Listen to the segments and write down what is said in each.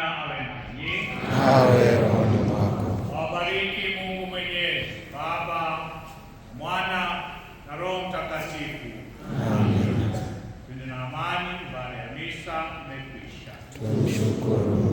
awe nanyi, rohoni mwako. Wabariki Mungu Mwenyezi, Baba, Mwana na Roho Mtakatifu. Amina. amani. Ibada ya misa imekwisha. Tumshukuru.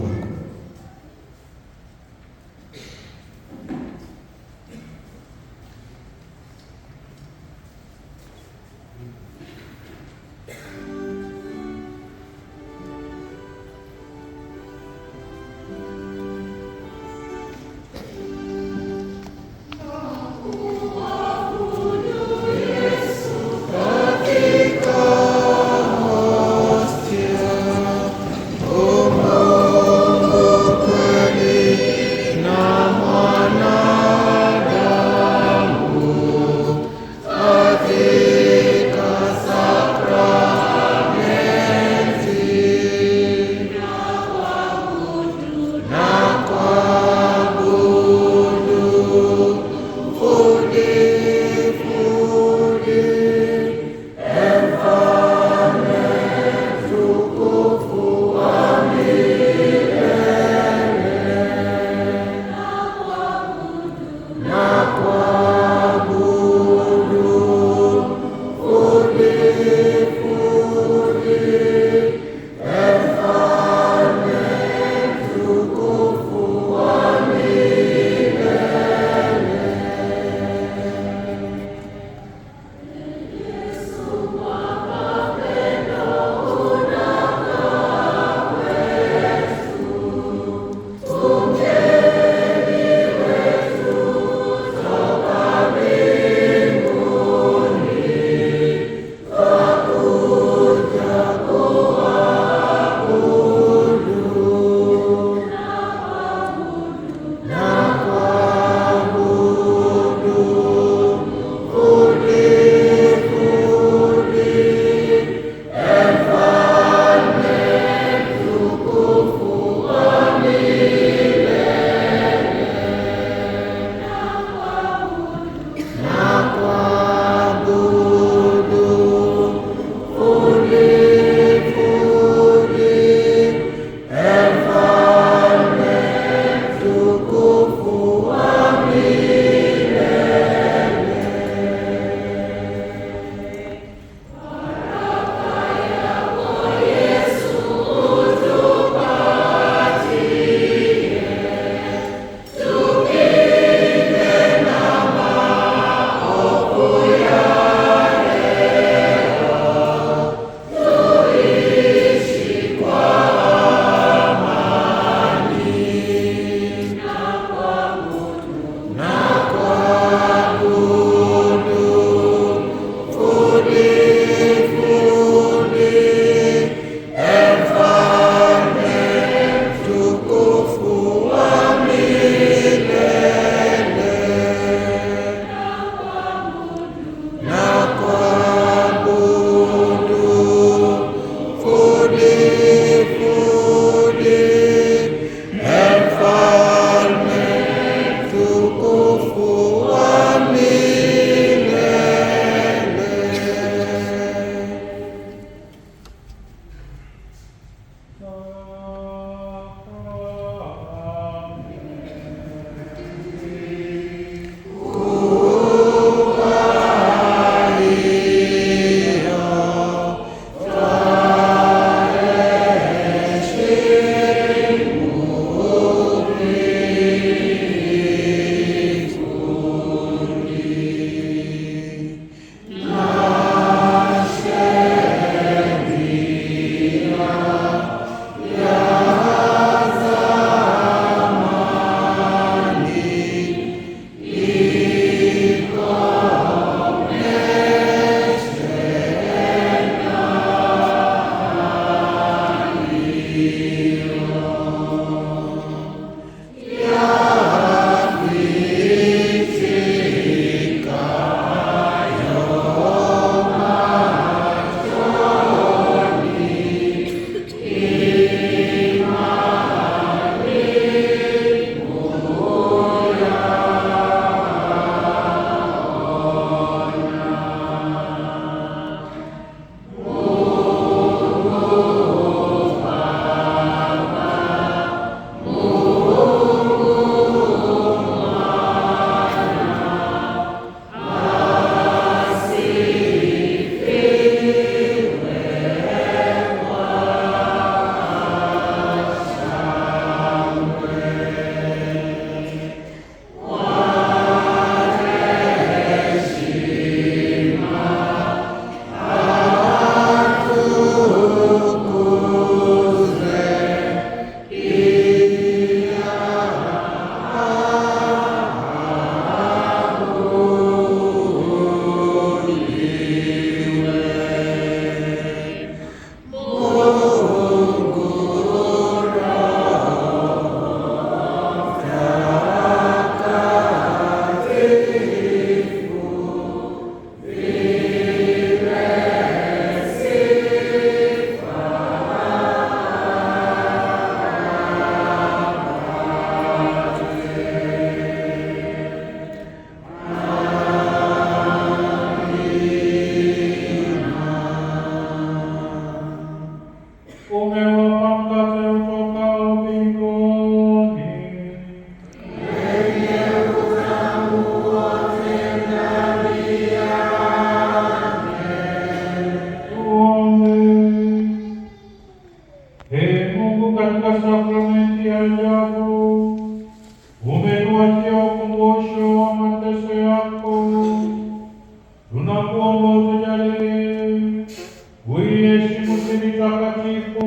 kuiheshimu takatifu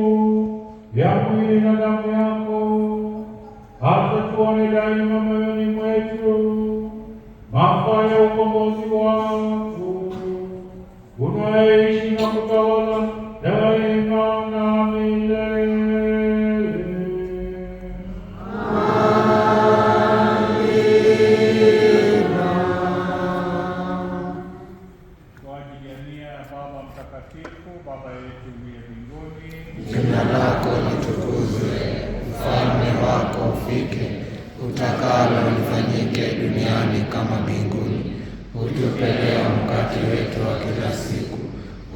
ya mwili na damu yako, hata tuone daima moyoni mwetu mafaa ya ukombozi wako unayeishi na kutawala utakalo lifanyike duniani kama mbinguni. Utupe leo mkate wetu wa kila siku,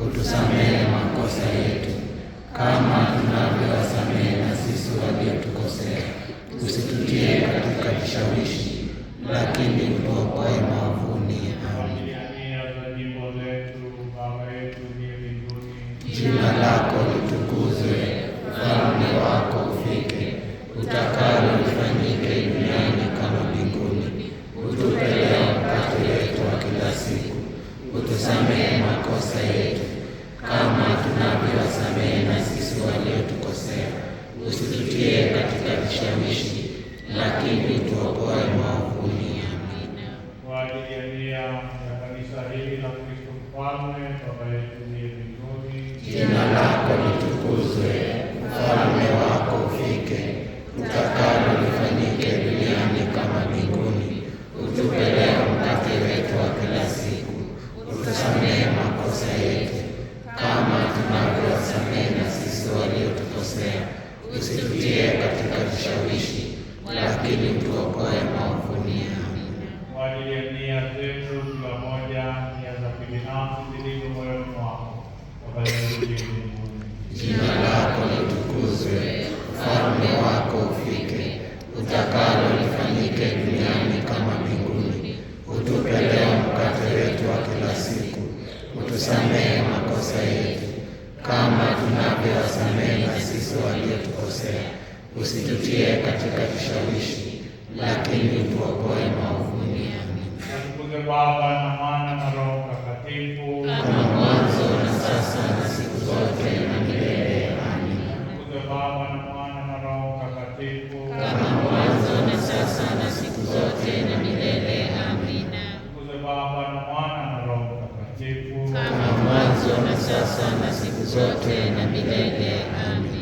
utusamehe makosa yetu kama tunavyowasamehe na sisi waliotukosea, usitutie katika kishawishi, lakini utuokoe makosa yetu kama tunavyowasamehe na sisi waliotukosea, usitutie katika vishawishi, lakini tuokoe maovuni. Amina. Kwa ajili ya nia ya kanisa hili la Kristo Mfalme, Baba yetu uliye mbinguni, jina lako litukuzwe, ufalme wako ufike shawishi lakini tuokoe maovuni. Kwa ajili ya nia zetu, kila moja, nia za kibinafsi zilizo moyoni mwako usitutie katika kishawishi, lakini utuokoe maovuni. Amina. na kama mwanzo na sasa na siku zote na milele. Amina. kama mwanzo na sasa na siku zote na milele. Amina. kama mwanzo na sasa na siku zote na milele. Amina.